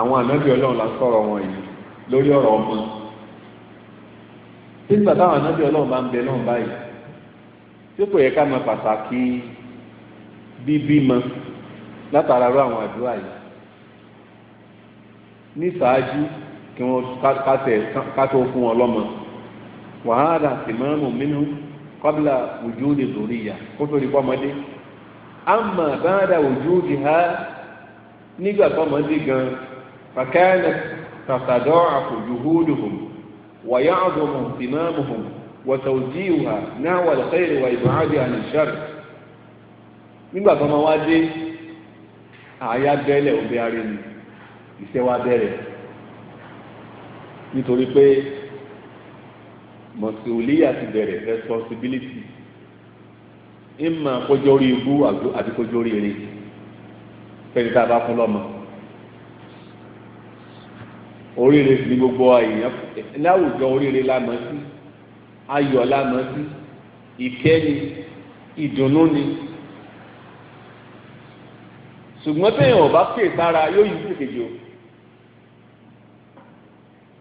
àwọn ànábì ọlọ́run la sọ̀rọ̀ wọn yìí lórí ọ̀rọ̀ ọmọ nígbà táwọn ànábì ọlọ́run bá ń bẹ náà báyìí tí kò yẹ ká mọ pàtàkì bíbímọ látara rú àwọn àdúrà yìí ní ìsáájú kí wọ́n kátó fún wọn lọ́mọ wàhálà tìmọ́nù mínú kọ́bílà ojú òde lórí ìyá kó tó di pọ́mọdé àmọ́ bá ń ra ojú òde ha nígbà pọ́mọdé gan-an. فكانت تتضاعف جهودهم ويعظم اهتمامهم وتوجيهها نحو الخير وابعاد عن الشر nígbà tó máa wá dé àyà bẹ́lẹ̀ òbí arí ni iṣẹ́ wa bẹ̀rẹ̀ nítorí pé mọ̀síwìlíyà ti bẹ̀rẹ̀ responsibility ìmọ̀ kójó orí ibú àbí kójó orí eré fẹ́ni tá a bá fún lọ́mọ oríire sì ni gbogbo èèyàn láwùjọ oríire lámọ sí ayọ̀ lámọ sí ìkẹ́ ni ìdùnnú ni ṣùgbọ́n téèyàn ò bá pè sára yóò yí sí kejì o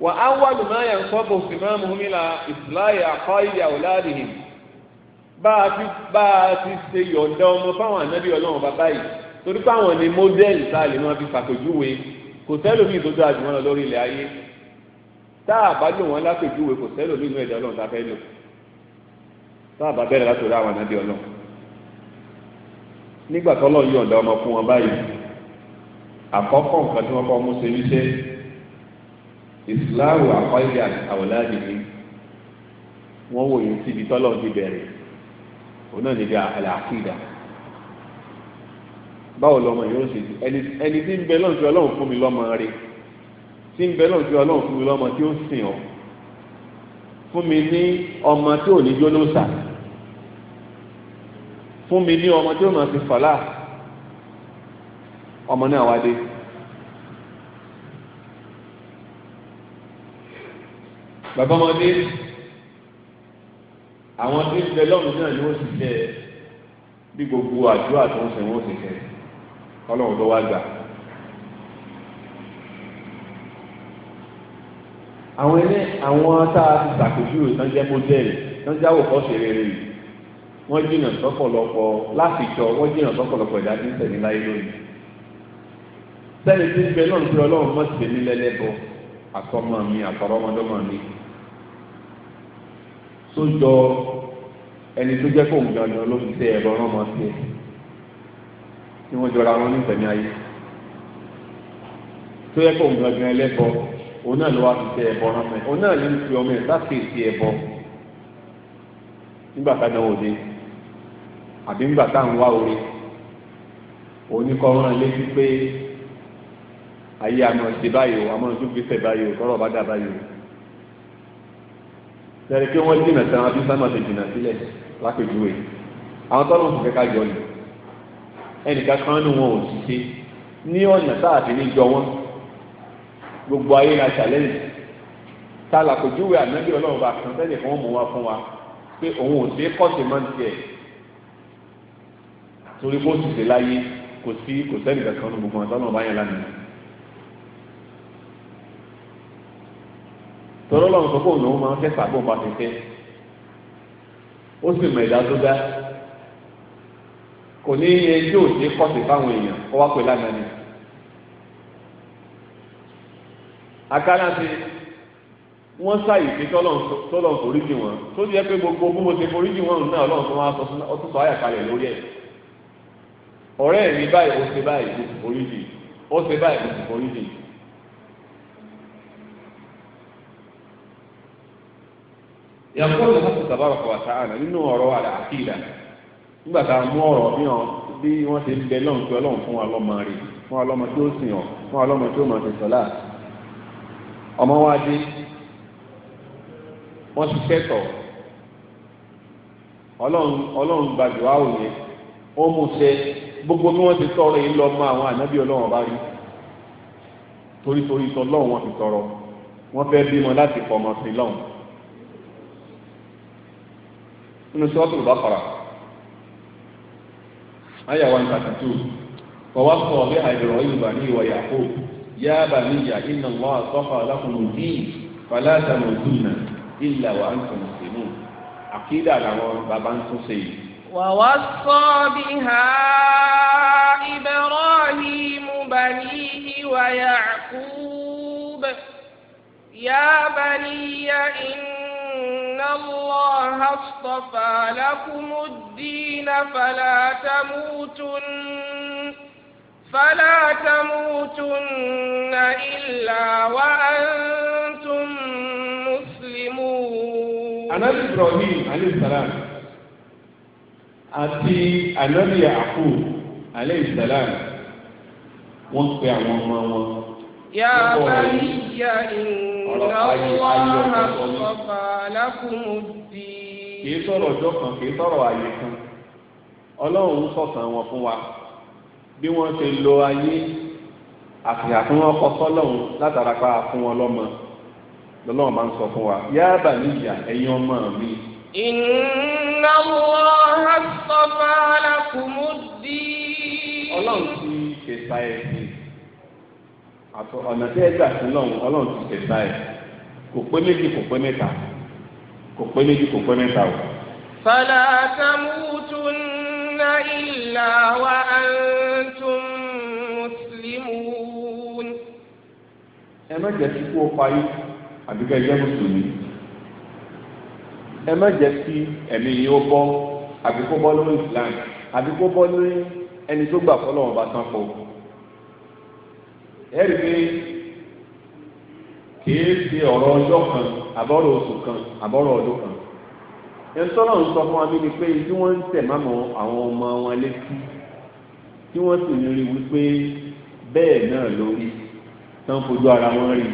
wà á wà lùmọ́ àyàn sọ́bù sìmọ́ muhimila ìsìláyà àkọ́ ìyà ọ̀làdìhìn bá a ti ṣe yọ̀ǹda ọmọ fáwọn ànábì ọlọ́run bàbá yìí torí pé ni mọ́dẹ́lì tá lè máa fi ṣàpèjúwe kò sẹ́lòmíì tó dáa jù wọn lọ lórí ilẹ̀ ayé tá a bá lò wọn lápèjúwe kò sẹ́lòmíì inú ẹ̀dá ọlọ́run tá a fẹ́ lò tá a bá bẹ̀rẹ̀ látòrí àwọn ànábì ọlọ́run nígbà tó lọ́ọ́ yọ̀ǹda ọmọ fún wọn báyìí àkọ́kọ́ nǹkan tí wọ́n kọ́ mú ṣe wíṣẹ́ ìsìláàwù àkọ́yà àwòláàdì ni wọ́n wòye síbi tọ́lọ́ ti bẹ̀rẹ̀ òun náà báwo lọmọ yóò ṣe ẹni tí ń bẹ lọ́nà tí ọlọ́run fún mi lọ́mọ rẹ tí ń bẹ lọ́nà tí ọlọ́run fún mi lọ́mọ tí ó sìn ọ́ fún mi ní ọmọ tí ò ní jónúsà fún mi ní ọmọ tí ó máa fi fàlà ọmọ náà wá dé. bàbá ọmọdé àwọn tí ń bẹ lọ́run náà ni wọ́n sì jẹ́ bí gbogbo àdúrà tó ń sẹ́wọ́n sì jẹ́ kọ́lọ́hún tó wá gbà. àwọn ilé àwọn tá a ti ṣàpèjúwe tán jẹ́ mọ́tẹ́ẹ̀lì tán jáwọ́ kọ́ ṣe rere yìí wọ́n jìnnà sọ́pọ̀lọpọ̀ láti jọ wọ́n jìnnà sọ́pọ̀lọpọ̀ ìdájí sẹ̀mí láyé lónìí. sẹ́ni tí ń bẹ náà ń pè ọlọ́run mọ́ sí mi lẹ́lẹ́bọ àtọmọ mi àtọrọmọdọmọ mi. tó jọ ẹni tó jẹ́ kóun gangan ló fi ṣe ẹ̀rọ rán mọ́ sí ẹ̀ tí wọ́n jọra wọn ní ìtẹ̀mí ayé tó yẹ kó òun gangan ẹlẹ́bọ òun náà ló wá fi tẹ ẹbọ rán mẹ́ òun náà ló ń fi ọmọ ẹ̀ sáfèsì ẹbọ nígbà táwọn òde àbí nígbà táwọn wá orí òun ní kọ́ rán létí pé ayé àmọ́ ṣe báyìí o àmọ́ tún fi fẹ́ báyìí o kọ́rọ̀ bá dà báyìí o tẹ̀lé pé wọ́n jìnà sí àwọn abísámà ti jìnà sílẹ̀ lápèjúwe àwọn tọ́lọ́ fún kẹ́kẹ́ àjọ yìí ẹnìkan kan nù wọn ò sì ṣe ní ọ̀nà sáàfin ní jọ wọn gbogbo ayé la ṣàlẹ́yìn ta làkòjúwe ànábì ọlọ́run bá kan tẹ́lẹ̀ fún ọmọ wa fún wa pé òun ò sí kọ́ọ̀tì máa ń tiẹ̀ torí bó ti ṣe láyé kò sí kò sẹ́ni kankan nínú gbogbo àtọ́nà ọba yẹn lánàá. tọ́lọ́lọ́run sọ pé òun lòun máa ń fẹ́ sàgbọ́n bá ti fẹ́ ó sì mọ ìdá tó dá kò ní iye tí ò ní kọ̀sì fáwọn èèyàn kó wá pè lánàá ni. akáláṣe wọ́n ṣàyè pé tọ́lọ̀ forí jì wọ́n tó yẹ gbogbo bí mo ṣe forí jì wọ́n náà ọlọ́run tó máa sọ sínú ọtún sọ àyàkálẹ̀ lórí ẹ̀. ọ̀rẹ́ mi báyìí ó ṣe báyìí sì forí jì ó ṣe báyìí sì nígbà tá a mú ọ̀rọ̀ ní ọ bí wọ́n ṣe ń bẹ lọ́hùn pé ọlọ́run fún wa lọ́mọ rè fún wa lọ́mọ tó sìn ọ fún wa lọ́mọ tó mọ̀ ṣe sọ́lá ọmọ wa dé wọ́n ti kẹ́tọ̀ ọlọ́run ọlọ́run gbàdúrà òye ó mú ṣe gbogbo bí wọ́n ti tọrọ yìí lọ mọ àwọn ànábì ọlọ́run ọba rí torítorí tọlọ́run wọn ti tọrọ wọ́n fẹ́ bímọ láti fọmọ sí lọ́hùn nínú sọ́ọ̀tù ló bá fara àyà one thirty two fọwọ́ sọ bí àìrọ̀ yorùbá ní ìwà yàkó yá bà níyà iná wọn àtọ́fà alákùnrin díì fàlàtà mọ̀túnà ìlà wà ń tàn sínú àkídà làwọn bàbá ń tún ṣe wàá sọ bí ha. الله اصطفى لكم الدين فلا تموتن فلا تموتن إلا وأنتم مسلمون Ànábì Ibrahim alayhi salam àti Ànábì Yaqub alayhi salam wọ́n pe àwọn ọmọ wọn. يا بني إن ọ̀rọ̀ ayé ayé ọ̀tọ̀ọ̀tọ̀ ni. kì í sọ̀rọ̀ ọjọ́ kan kì í sọ̀rọ̀ ayé kan ọlọ́run sọ̀tàn wọn fún wa bí wọ́n ṣe lo ayé àfihàn tí wọ́n kọ́ sọ́lọ́run látara fún wọn lọ́mọ lọ́lọ́run máa ń sọ fún wa yáàbà níyà ẹ̀yin ọmọ mi. inna Allaha astafa lakumud-din. ọlọ́run ti ṣèṣà ẹ̀sìn àtọ ọ̀nà tí ẹ gbà sí lọ́hùn ọlọ́run ti tẹ̀sà ẹ̀ kò pé méjì kò pé mẹ́ta kò pé méjì kò pé mẹ́ta o. fala tamutunna illa wa antum muslimun. ẹ má jẹ́ kí kú ó payé àbíkẹ́ ẹgbẹ́ mùsùlùmí ẹ má jẹ́ kí ẹ̀mí yìí ó bọ́ àbíkó bọ́ lórí Islam àbíkó bọ́ lórí ẹni tó gbà fọlọ́wọ́n bá tán fún ẹ̀rí pé kìí ṣe ọ̀rọ̀ ọjọ́ kan àbọ̀rọ̀ oṣù kan àbọ̀rọ̀ ọdún kan ẹ̀ńtọ́nà ń sọ fún wa bíi pé tí wọ́n ń tẹ̀ mámọ́ àwọn ọmọ wọn létí tí wọ́n sì ń rí wípé bẹ́ẹ̀ náà lórí tán fojú ara wọn rí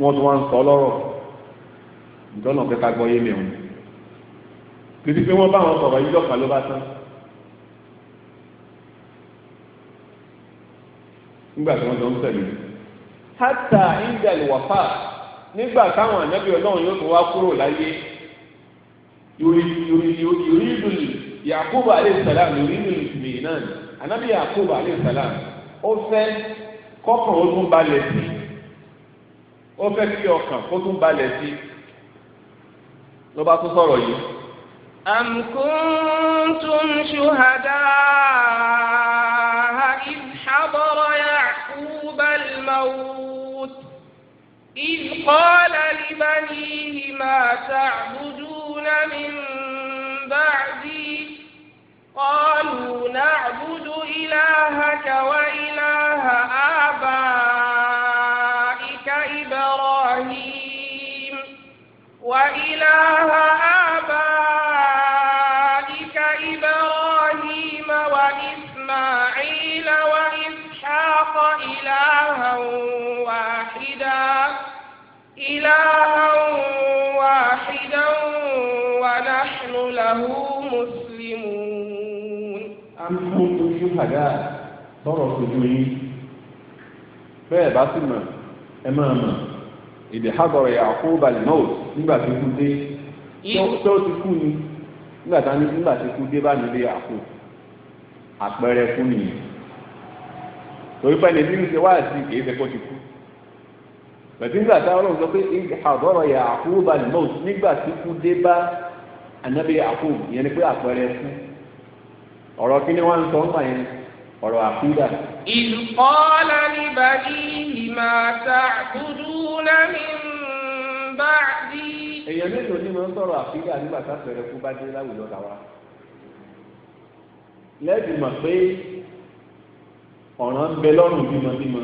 wọ́n tún wá ń sọ lọ́rọ̀ ìtọ́nà kẹta gbọ́ yé mi ọ̀hún kìí pé wọ́n bá wọn sọ̀rọ̀ yíyọ̀kan ló bá tán nígbà tí wọ́n jọ ń tẹ̀lé hátà indal wàfà nígbà táwọn ànábì ọlọ́run yóò tún wá kúrò láyé yorùdùlì yakubu aleyhisalaam yorùdùlì tìmí náà ànábì yakubu aleyhisalaam ó fẹ́ kọ́kàn ó tún balẹ̀ sí ó fẹ́ kí ọkàn ó tún balẹ̀ sí ló bá tún sọ̀rọ̀ yìí. am kuntum shuhada idh ya. الموت إذ قال لبنيه ما تعبدون من بعدي قالوا نعبد إلهك وإله آبائك إبراهيم وإله آبائك إلها واحدا ونحن له مسلمون أم كنتم شهداء sọ̀rọ̀ sojú yín bẹ́ẹ̀ bá sì mọ̀ ẹ máa mọ̀ èdè hágọ̀rọ̀ yà kó balẹ̀ náà nígbà tí kú dé tó ti kú ni nígbà tí kú dé bá nílé àpò àpẹẹrẹ kú nìyẹn torí pé ẹni tí ń ṣe wáàsí kì í ṣe kó ti kú pẹ̀lú nígbà táwọn ọlọ́run sọ pé àbọ̀rọ̀ yà àkóbá lọ́wọ́ nígbà tí kú dé bá ànábì àkóbá ìyẹn ni pé àpẹẹrẹ fún ọ̀rọ̀ kí ni wọ́n ń sọ ńpa yẹn ọ̀rọ̀ àkúdà. ìkọ́lá ní bàbí ìmọ̀ àtàkùdù lẹ́mí bá dí. èèyàn mélòó ni mo ń sọ̀rọ̀ àkúdà nígbà tápẹ̀rẹ̀ kú bá dé láwùjọ làwa. lẹ́bi mọ̀ pé ọ̀ràn ń bẹ lọ́rùn bímọ bímọ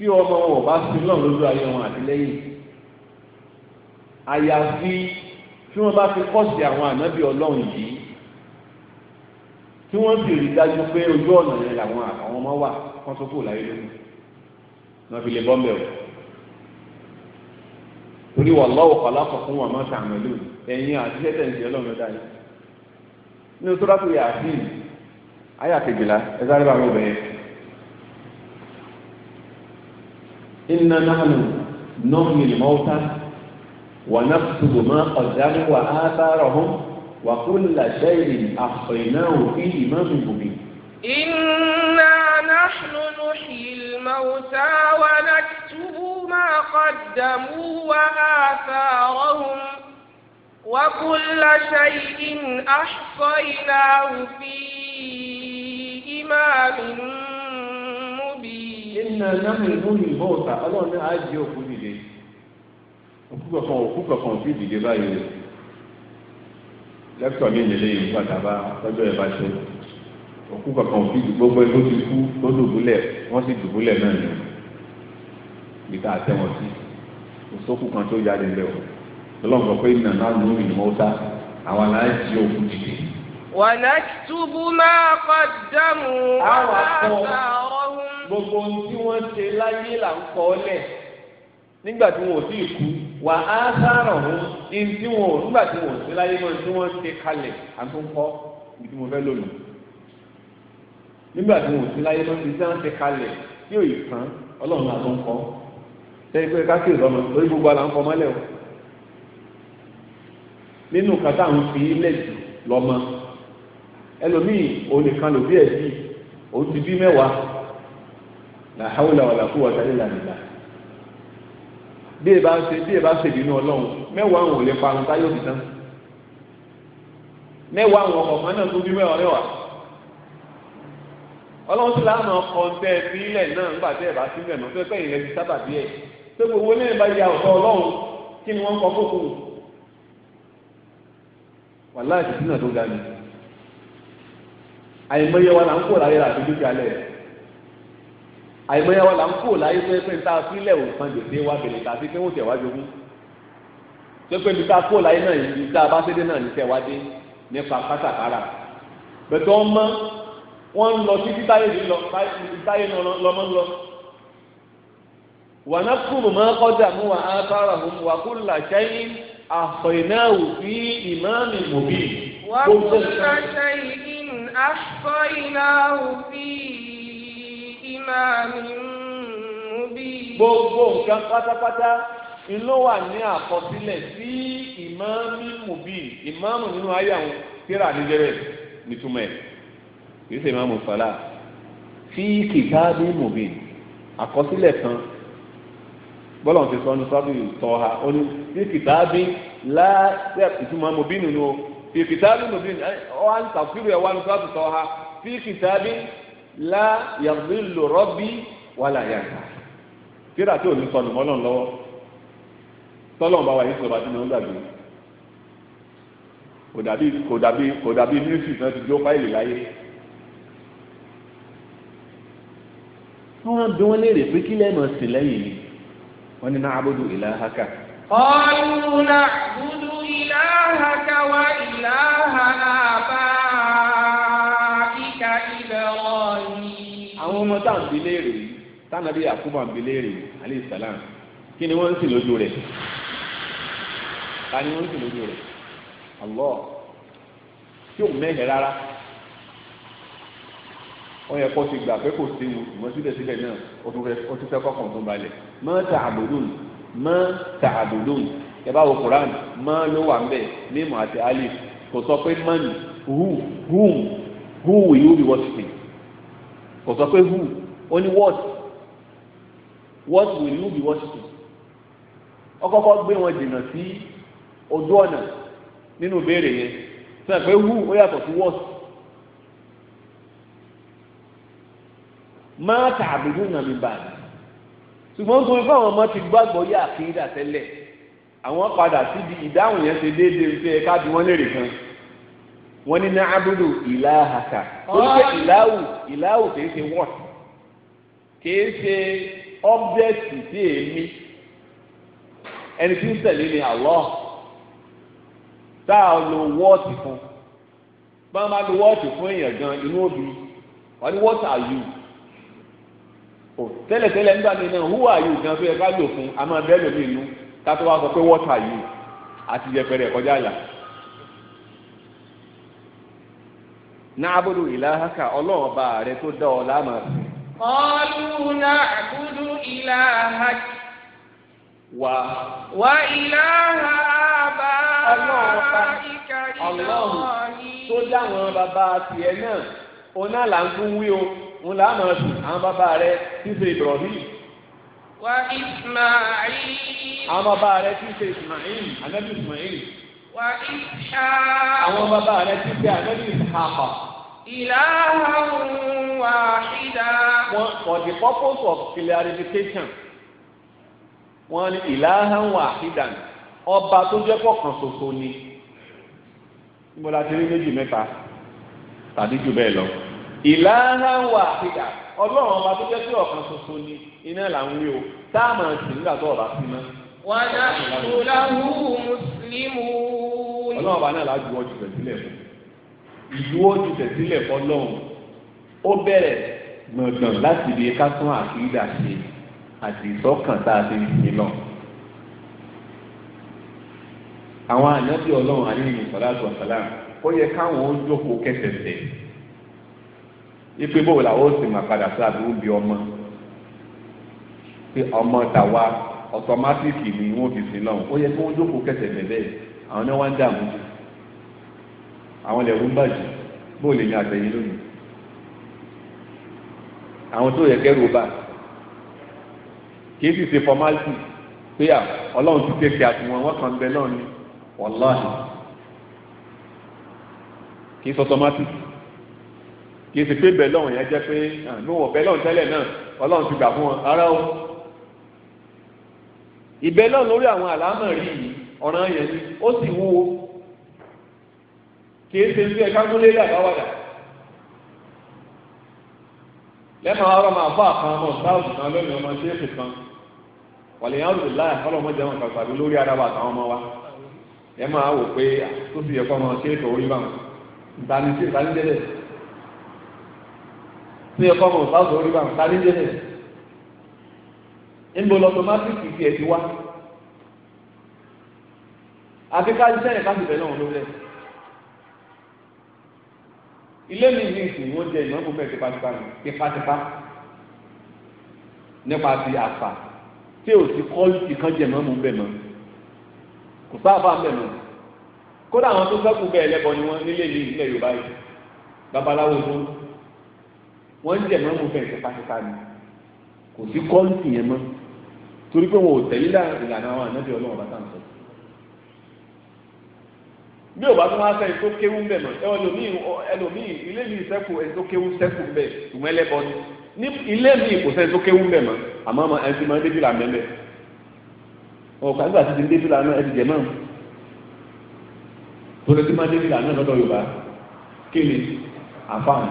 tí ọmọ wọn ò bá sí lọ́run lójú ayé wọn àtìlẹ́yìn àyàfi tí wọ́n bá fi kọ́sì àwọn ànábì ọlọ́run yìí tí wọ́n sì rí dájú pé ojú ọ̀nà yẹn làwọn àwọn ọmọ wà wọ́n tó kù láyé lónìí wọ́n fi lè bọ́ mẹ́wọ̀ torí wà lọ́wọ́ kọ́lákọ̀ fún wọn máa tààmì lónìí ẹ̀yin àti ṣẹ́tẹ̀ ń ṣe ọlọ́run dá yìí nínú tó dákúrẹ́ àfihàn ayà kejìlá ẹ sáré bá mi bẹ̀rẹ̀ إنا نحن نحيي الموتى ونكتب ما قدموا وآثارهم وكل شيء أحصيناه في إمام مبين إنا نحن نحيي الموتى ونكتب ما قدموا وآثارهم وكل شيء أحصيناه في إمام مبين iná námú ìmúni ìmọ̀ọ́ta ọlọ́run náà á òkú dìde òkú kankan òkú kankan òkú dìde báyìí lẹ́kítọ̀ mi nílé yìí padà bá tọ́jú ẹ̀ bá ṣe òkú kankan òkú dìde gbogbo ẹgbẹ́ ti kú tó dùbúlẹ̀ wọ́n sì dùbúlẹ̀ náà ni ìta àtẹ̀wọ̀n sí òṣòkù kan tó yára ilé o lọ́lọ́run sọ pé iná námú ìmọ̀ọ́ta àwọn náà á jí òkú dìde. wàlá túbú máa gbogbo tí wọ́n ṣe láyé là ń kọ́ lẹ̀ nígbà tí wọn ò tí ì kú wà á sáárọ̀ wọn ní tí wọn ò nígbà tí wọn ò ṣe láyé mọ́ tí wọ́n ṣe kalẹ̀ àtúnkọ́ ibi tí mo fẹ́ lò lò nígbà tí wọn ò ṣe láyé mọ́ ibi tí wọ́n ṣe kalẹ̀ tí ò yìí tán ọlọ́run àtúnkọ́ sẹ́yìn pé káṣí ìrọ̀mọ lórí gbogbo àlà ń kọ́ mọ́lẹ̀ o nínú kàtà ń fi ilẹ̀ jù lọ́mọ ẹlòmíì òun nìkan lòbí ẹ̀ bí òun ti bí mẹ́wàá la hawla wala quwwata illa billah bí ẹ bá ń ṣe bí ẹ bá ṣe ìbínú ọlọ́run mẹ́wàá àwọn ò lè parun táyọ̀ òbí tán mẹ́wàá àwọn ọkọ̀ kan náà tó bí mẹ́wàá mẹ́wàá ọlọ́run sì láàmú ọkọ̀ tẹ́ ẹ nílẹ̀ náà nígbà tẹ́ ẹ bá sílẹ̀ náà tó pẹ́yìn rẹ̀ ti sábà bí ẹ̀ tó gbogbo lẹ́yìn bá ya ọ̀tọ̀ ọlọ́run kí ni wọ́n kọ́ fókù wàláàtì sínú àtó ga ni àìmọye wa là ń kó láyé tó yẹ pé níta sílẹ̀ ò san gbèsè wa bèrè tàbí pé wọ́n tẹ̀ wá jogún tó pé níta kó láyé náà yìí níta bá dédé náà níta wá dé nípa pátákárà pẹ̀tọ́ ọmọ wọn ń lọ títí táyé ní lọ táyé ní lọmọ ń wà ná kúrò mọ́ kọjá mú wa á sára mú wa kó là sẹ́yìn àfẹ̀náwó sí ìmáàmì mòbí. wà kó là sẹ́yìn àfẹ̀náwó sí ìmáàmì ìmáàmì mubí. gbogbo nǹkan pátápátá ló wà ní àkọsílẹ̀ sí ìmáàmì mubí ìmáàmù nínú ayé àwọn tíra àdéjẹrẹ nítumẹ̀ kì í ṣe ìmáàmù sọlá fi kìtàbí mubí àkọsílẹ̀ kan bọ́lá ti sọ ní sábì tọ́ ha ó ní fi kìtàbí láti ìtumọ̀ mubí nínú fi kìtàbí mubí ọ̀ à ń tàkùrù ẹ̀ wá ní sábì tọ́ ha fi kìtàbí lá yàgbélò rọ́bì wàlà yàgbà tíra tí ò ní sọnù mọ́ lọ́n lọ́wọ́ tọ́lọ́n bá wà ní sọ̀rọ̀ àti ní ọgbàgbé kò dàbí kò dàbí kò dàbí mínísítì náà ti dó fáìlì láyé. wọ́n bí wọ́n léèrè pé kí lẹ́ẹ̀mọ̀ sí lẹ́yìn ni wọ́n ní náà abudu ìlàhàkà. ọ̀rùn náà abudu ìlàhàkà wá ìlàhàkà. ọmọ tá à ń bi léèrè yìí tánàbí Yakubu à ń bi léèrè yìí alayhi salam kí ni wọ́n ń sìn lójú rẹ̀ ta ni wọ́n ń sìn lójú rẹ̀ Allah tí òun mẹ́hẹ̀ rárá wọ́n yẹ kó ti gbà pé kò séwu ìwọ́n síbẹ̀síbẹ̀ náà ó ti fẹ́ kọ́kàn tó balẹ̀ mọ́ ta'budun mọ́ ta'budun ẹ bá wo Quran mọ́ ló wà ńbẹ̀ mímu àti alif kò sọ pé mọ́ni hu hum who will you be worshiping? kò sọ pé who ó ní what what will you be worshiping ọkọ̀kọ́ gbé wọn dènà sí ojú ọ̀nà nínú ìbéèrè yẹn sọ pé who ó yàtọ̀ sí what máa tààbùdù nàmì báyìí ṣùgbọ́n tó fún àwọn ọmọ ti gbàgbọ́ yá àkíńdà tẹ́lẹ̀ àwọn padà síbi ìdáhùn yẹn ṣe déédéé ń fẹ́ ká bí wọ́n lè rè kan wọ́n ní ní abudu ìlàhàkà orúkọ ìlàhù ìlàhù kìí ṣe wọ́n kìí ṣe ọ́bjẹ́tì sí èmi ẹni tí ń tẹ̀lé ni Allah tá a lo wọ́ọ̀tì fún bá a máa lo wọ́ọ̀tì fún èèyàn gan inú òbí wọ́n ní what are you tẹ́lẹ̀tẹ́lẹ̀ nígbà mi náà who are gan tó yẹ ká lò fún a bẹ́ẹ̀ lómi inú ká tó wá sọ pé what are àti yẹpẹrẹ kọjá àyà. na'budu ilahaka ọlọ́run ọba rẹ tó dá ọ láàmà. qalu na'budu ilahaka. wà. wà ilaha bá ìkàrí ọlọ́run tó bàbá tiẹ̀ náà ọ̀nà là o ń là sùn àwọn bàbá rẹ tí Ibrahim. wà àwọn bàbá rẹ anabi àwọn bàbá rẹ ti fi àgbẹ̀bí ìhàpà. ìlàhùn wàhídà. wọ́n for the purpose of clarification wọ́n ní ìlàhùn wàhídà ọba tó jẹ́ kọ̀ọ̀kan ṣoṣo ni. níbo la ti rí méjì mẹ́ta tàbí jù bẹ́ẹ̀ lọ. ìlàhùn wàhídà ọlọ́run ọba tó jẹ́ pé ọ̀kan ṣoṣo ni iná là ń wí o táàmù àti nígbà tó ọba sí náà. wàdà ìṣòro làwọn ohun ọlọ́run bá náà lájú wọn ti tẹ̀ sílẹ̀ fún ìlú wọn ti tẹ̀ sílẹ̀ fún ọlọ́run ó bẹ̀rẹ̀ gbọ̀ngàn láti ibi ká tún àkídà ṣe àti ìsọ́kàn tá a ti ń ṣe náà. àwọn ànábì ọlọ́run àníyàn sọ̀láàtù ọ̀sálàm ó yẹ káwọn ó jókòó kẹsẹ̀sẹ̀ ipe bóòlù àwọn ó sì máa padà sí àbúrò bíi ọmọ pé ọmọ tàwa ọ̀tọ̀mátìkì ni wọ́n fi sí náà ó yẹ kí wọ́n jókòó kẹsẹ̀sẹ̀ bẹ́ẹ̀ àwọn náà wá ń dààmú jù àwọn ilẹ̀ ń bàjẹ́ bóò lè ní àtẹ̀yìn lónìí àwọn tó yẹ kẹ́rù bá kìí sì ṣe fọmálítì pé à ọlọ́run ti tẹ̀sí àti wọn wọ́n kàn ń bẹ náà ni wàláhì kìí sọ tọmátìkì kìí sì pé bẹ́ẹ̀ lọ́run yẹn jẹ́ pé níwọ̀n bẹ́ẹ̀ lọ́run tẹ́lẹ̀ náà ọlọ́run ti gbà fún wọn rárá o ìbẹ́ lọ́run lórí àwọn àlámọ̀ rí yìí ọ̀ràn yẹn ni ó sì wúwo kìí ṣe ní ẹ̀ka múlé làbáwádà lẹ́nu ọ̀rọ̀ máa fọ́ àkàn sáàbù kan lónìí ọmọ ṣéèfù kan wàlẹ̀ ọ̀rọ̀ láyà kọ́lọ̀ ọmọ jẹun pàtàkì lórí ara àtàwọn ọmọ wa ẹ máa wò pé tó yẹ kọ́ ọmọ orí yẹ kọ́ ọmọ sáàbù orí ti ti wá. àfi ká iṣẹ́ yẹn ká sì bẹ̀rẹ̀ wọn lórí ẹ̀ ilé mi ní ìsìn wọn jẹ ìmọ̀kùn bẹ́ẹ̀ tipátipá ni tipátipá nípa ti àfà tí ò sí kọ́ ìkan jẹ mọ́mú bẹ́ẹ̀ mọ́ kò sáfà bẹ́ẹ̀ mọ́ kódà àwọn tó sẹ́kù bẹ́ẹ̀ lẹ́bọ ni wọ́n nílé yìí nílẹ̀ Yorùbá yìí babaláwo tó wọ́n ń jẹ mọ́mú bẹ́ẹ̀ tipátipá ni kò sí kọ́ ìyẹn mọ́ torí pé wọn ò tẹ̀lé ìlànà àwọn ànábì Ọlọ́run bàtà ń sọ̀rọ̀ bí o bá tún wá sẹ́yìn tó kéwú ń bẹ̀ mọ̀ ẹlòmíì ẹlòmíì ilé mi sẹ́kù ẹni tó kéwú sẹ́kù ń bẹ̀ ìwọ̀n ẹlẹ́bọ ni ní ilé mi kò sẹ́yìn tó kéwú ń bẹ̀ mọ̀ àmọ́ ọmọ ẹni tí mo ń débi là mẹ́mẹ́ ọ̀kà nígbà tí ti ń débi là náà ẹni jẹ̀ mọ́ tó lè ti máa débi là náà lọ́dọ̀ Yorùbá kéle àfáàní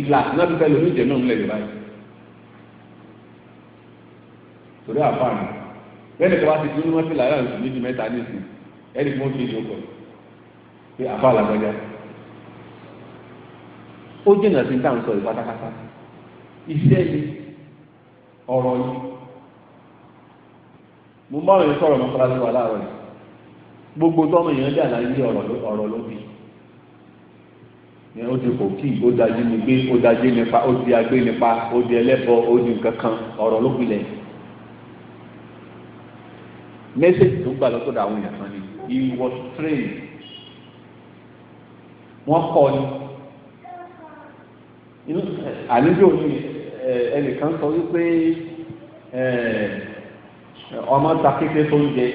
ìlà náà ti fẹ́ lómi jẹ̀ náà ńlẹ̀ Yorùbá yìí torí àfáàní bẹ́ẹ̀ ni kí wọ́n ti dúró wọn ti làárọ̀ níbi mẹ́ta ní ìsìn ẹni fún ṣe ìdókò pé àfa làgbàjá ó jìnà sí tá à ń sọ yìí pátápátá iṣẹ́ yìí ọ̀rọ̀ yìí mo bá òye sọ̀rọ̀ mọ́sálásí wa láàárọ̀ yìí gbogbo tọ́mọ èèyàn dà láyé ọ̀rọ̀ ló bí yẹn ó di kòkí ó dájú ní gbé ó dájú nípa ó di agbé nípa ó di ẹlẹ́bọ ó di nǹkan kan ọ̀rọ̀ ló gbilẹ̀ mẹ́sẹ̀jì tó gbà lọ́sọ̀dọ̀ àwọn èèyàn kan ni he was trained wọ́n kọ́ ni inú eh, àlejò ni eh, ẹnìkan sọ wípé eh, ọmọ ta kékeré tó ń jẹ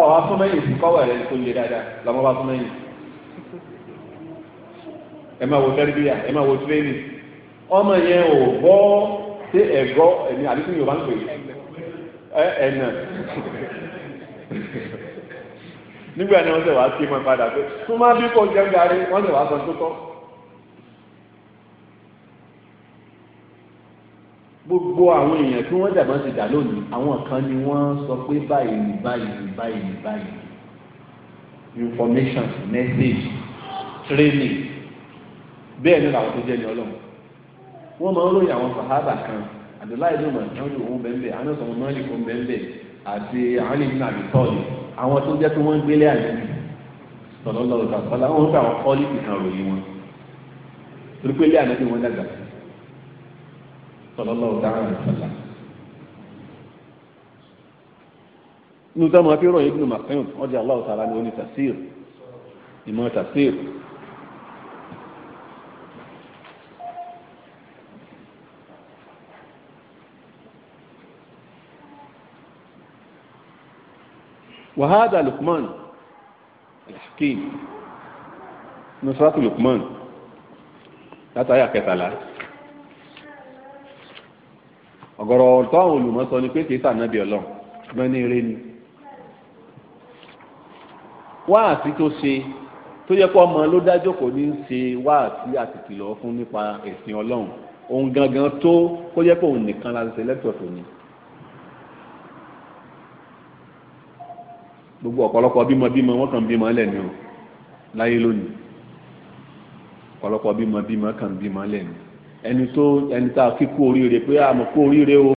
ọ asọ́mẹ́yìn sí kọ́wọ́ rẹ̀ tó ń jẹ dáadáa lọ́mọ bá sọ́mẹ́yìn ẹ máa wo tẹ́rìbíyà ẹ máa wo tírénì ọmọ yẹn ò bọ́ sí ẹ̀gọ́ ẹ̀mí àdínkù Yorùbá ń pè é ẹ̀nà nígbà ni wọ́n sẹ̀ wáá ké mọ́ padà pé súnmọ́ bí kò jẹ́ gàrí wọ́n sẹ̀ wáá sọ tó tọ́. gbogbo àwọn èèyàn tí wọ́n dàgbà ti dà lónìí àwọn kan ni wọ́n sọ pé báyìí ni báyìí ni báyìí ni báyìí information message training bẹ́ẹ̀ ni làwọn tó jẹ́ ní ọlọ́run wọ́n máa ń ròyìn àwọn sàhábà kan àdúláì ló mọ̀ ní ọdún òun bẹ́ẹ̀ bẹ́ẹ̀ àwọn ọ̀sán mọ́lì kan bẹ́ẹ̀ bẹ́ẹ̀ àti àwọn ènìyàn àbí tọ́ọ̀lù àwọn tó jẹ́ pé wọ́n ń gbélé àyẹ̀bí sọ̀lọ́lọ́ ìtàkọ́lá wọ́n ń fẹ́ àwọn kọ́lìtì kan ròyìn wọn torí pé ilé àyẹ̀bí wọn dàgbà sọ̀lọ́lọ́ ìtàkọ́lá. inú táwọn akéwọ̀n yìí bínú màkàyọ̀n ọjà aláwọ̀ tààlà ni ó ní tàṣír ìmọ̀ tàṣír wàhádà lukman alhakim nusratu lukman látàyà لا ọ̀gọ̀rọ̀ ọ̀tọ́ àwọn olùmọ̀sọ ni pé kìí sànábì ọlọ́run ṣùgbọ́n ní eré ni wáàsí tó ṣe tó yẹ kó ọmọ ló dájọ́ kò ní í ṣe wáàsí àtìkìlọ̀ fún nípa ẹ̀sìn ọlọ́run òun gangan tó kó yẹ kó òun nìkan la ṣe lẹ́tọ̀ tó ni. gbogbo ọ̀pọ̀lọpọ̀ bímọbímọ wọ́n kàn bímọ lẹ́nu o láyé lónìí ọ̀pọ̀lọpọ̀ bímọbímọ kàn bímọ lẹ́nu ẹni tó ẹni tá a fi oríire pé àmọ́ kú oríire o